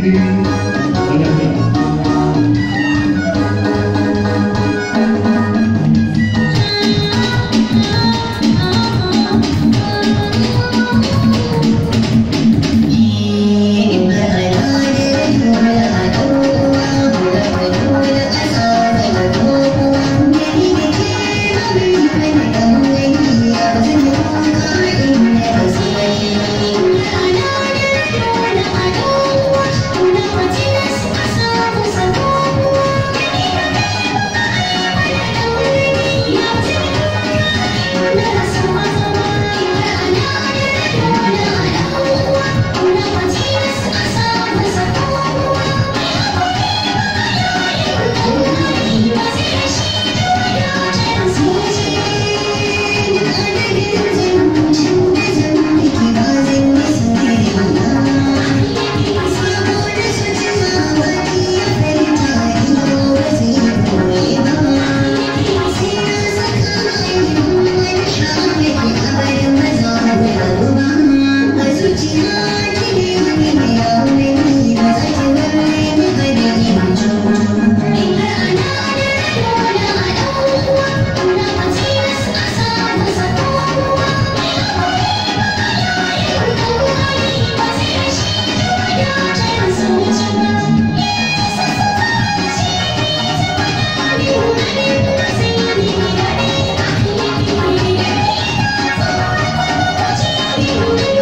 vida Thank you.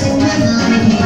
sinh ra đời